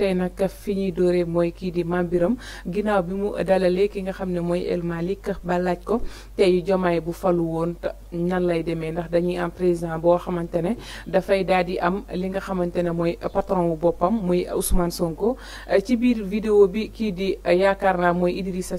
tey nag fi ñuy dóoree mooy kii di Mame Birame ginnaaw bi mu dalalee ki nga xam ne mooy El Malick ba laaj ko tey jomaay bu falu woon nan lay demee ndax dañuy am président boo xamante ne dafay daal di am li nga xamante ne mooy patron wu boppam muy Ousmane ci biir vidéo bi kii di yaakaar naa mooy Idrissa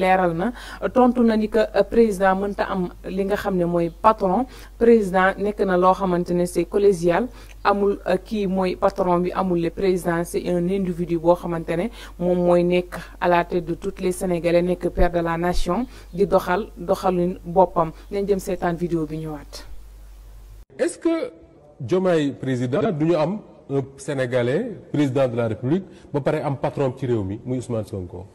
leeral na tontu na ni que président mënta am li nga xam ne mooy patron président nekk na loo xamante ne c'est collégial amul kii mooy patron. élection bi amul le président c'est un individu bo xamante mom moy nek à la tête de toutes les sénégalais nek père de la nation di doxal doxalin bopam nañ jëm seetaan vidéo bi ñëwaat. est-ce que Diomaye président du ñu am un sénégalais président de la république ba paré am patron ci réew mi muy Ousmane Sonko.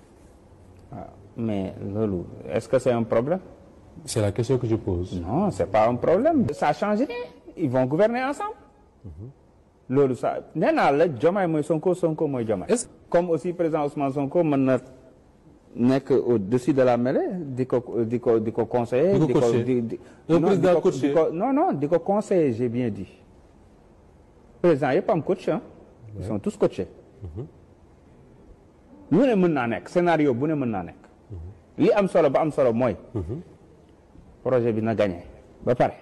Ah, mais lolu est-ce que c'est un problème. C'est la question que je pose. Non, c'est pas un problème. Ça change Ils vont gouverner ensemble. Mm-hmm loolu sa nee la Diomaye moy Sonko Sonko moy Diomaye comme aussi président Ousmane Sonko mën na au-dessus de la mêlée dico, dico, dico ko dico, conseiller di le président coach non non dico conseiller j'ai bien dit président pas un coach hein ils sont tous coachés nous mhm. ne mën naa nekk scénario bu ne mën naa nekk mhm. li am solo ba am solo moy mhm. projet bi na gagner ba pare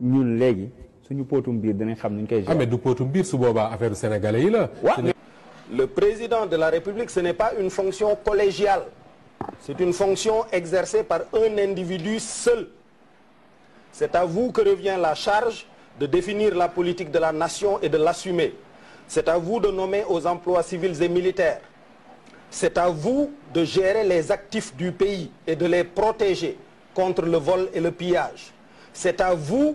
ñun légui le président de la République ce n'est pas une fonction collégiale c'est une fonction exercée par un individu seul c'est à vous que revient la charge de définir la politique de la nation et de l'assumer c'est à vous de nommer aux emplois civils et militaires c'est à vous de gérer les actifs du pays et de les protéger contre le vol et le pillage c'est à vous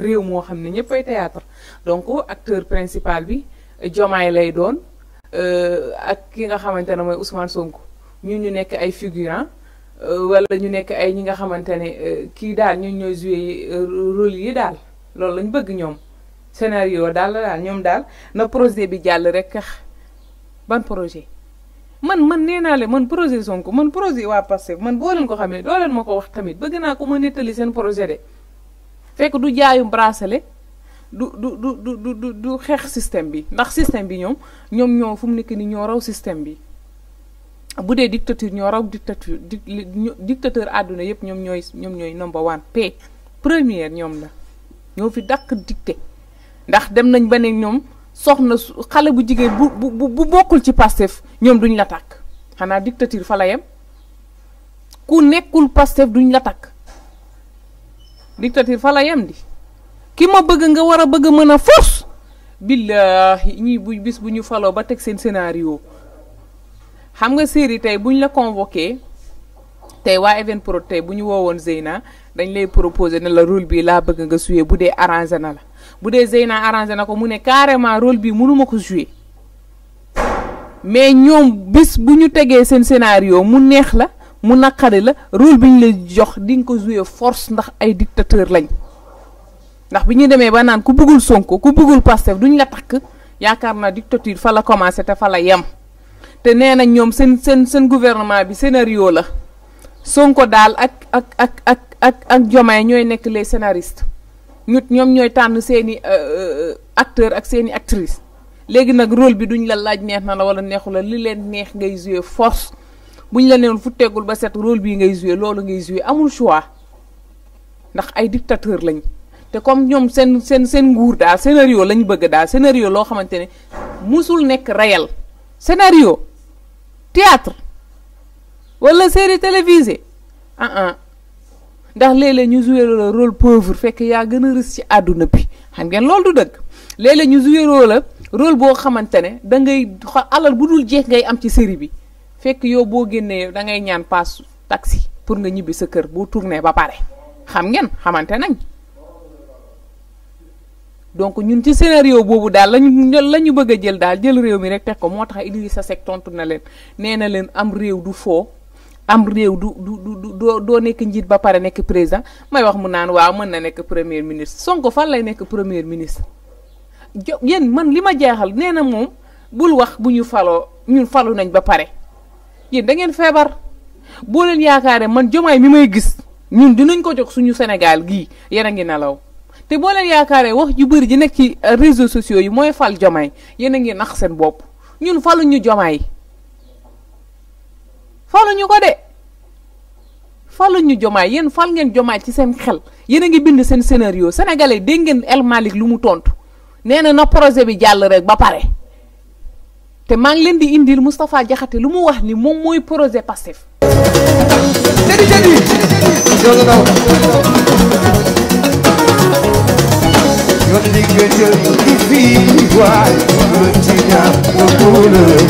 réew moo xam ne ñëppay théâtre donc acteur principal bi Diomaye lay doon euh, ak ki nga xamante ne mooy Ousmane Sonko ñu ñu nekk ay figurant euh, wala ñu nekk ay ñi nga xamante ne euh, kii daal ñun ñooy joué rôle yi daal loolu lañ bëgg ñoom scénario daal la daal ñoom daal na projet bi jàll rek ban projet man man nee naa leen man projet Sonko man projet waa Pastef man boo leen ko xamee doo leen ma ko wax tamit bëgg naa ko ma nettali seen projet de fekk du jaayum bracelet du du du du du xeex système bi ndax système bi ñoom ñoom ñoo fu mu nekk ni ñoo raw système bi bu dee dictature ñoo raw dictature dictateur àdduna yépp ñoom ñooy ñoom ñooy number one p première ñoom la ñoo fi dàq dicté ndax dem nañ ba ne ñoom soxna xale bu jigéen bu bu bokkul ci Pastef ñoom duñ la takk xanaa dictature fa la yem ku nekkul Pastef duñ la takk dictature fa la yem di ki ma bëgg nga war a bëgg mën a force billaahi ñii bu bis bu ñu faloo ba teg seen scénario xam nga série tey bu ñu la convoqué tey waa Evenprod tey bu ñu woowoon Zeyna dañ lay proposé na la rôle bi laa bëgg nga joué bu dee arrangé na la bu dee Zeyna arrangé na ko mu ne carrément role bi mënuma ko joué mais ñoom bis bu ñu tegee seen scénario mu neex la mu naqari la rôle bi ñu lay jox di nga ko jouer force ndax ay dictateur lañ ndax bi ñuy demee ba naan ku bëggul Sonko ku bëggul Pastef duñ la takk yaakaar naa dictature fa la commencé te fa la yem te nee nañ ñoom seen seen seen gouvernement bi scénario la Sonko daal ak ak ak ak ak ak Diomaye ñooy nekk les scénaristes ñut ñoom ñooy tànn seeni euh, euh, acteur ak seeni actrice léegi nag rôle bi duñ la laaj neex na la wala neexu la li leen neex ngay jouer force bu ñu la neen fu teggul ba set role bi ngay joué loolu ngay joué amul choix ndax ay dictateur lañ te comme ñoom seen seen seen nguur daal scénario lañ bëgg daal scénario loo xamante ne musul nekk réel scénario théâtre walla série télévisée ah ah ndax léeg-léeg ñu joué la rôle pauvre fekk yaa gën a rës ci àdduna bi xam ngeen loolu du dëgg léeg ñu joué la rôle boo xamante ne da ngay alal bu dul jeex ngay am ci série bi. fekk yow boo génnee da ngay ñaan pass taxi pour nga ñibbi sa kër boo tourné ba pare xam ngeen xamante nañ donc ñun ci scénario boobu daal lañu lañu bëgg a jël daal jël réew mi rek teg ko moo tax Idrissa Seck tontu na leen nee na leen am réew du foo am réew du du du doo doo nekk ba pare nekk président may wax mu naan waaw mën na nekk premier ministre Sonko fan lay nekk premier ministre jo yéen man lima ma jaaxal nee na moom bul wax bu ñu faloo ñun falu nañ ba pare yéen da ngeen feebar boo leen yaakaaree man jomaay mi may gis ñun dinañ ko jox suñu Sénégal gii yéen a ngi nelaw te boo leen yaakaaree wax ju bëri ji nekk ci euh, réseaux sociaux yi mooy fal jomaay yéen a ngi nax seen bopp ñun faluñu jomaay faluñu ko de faluñu jomaay yéen fal ngeen jomaay ci seen xel yéen a ngi bind seen scénario sénégalais dégg ngeen El lu mu tontu nee na na projet bi jàll rek ba pare. te maa ngi leen di indil Moustapha Diakhaté lu mu wax ni moom mooy projet Pastef jadi jadi jangan tahu Yon di gete di fi waj Yon ti nyam wakule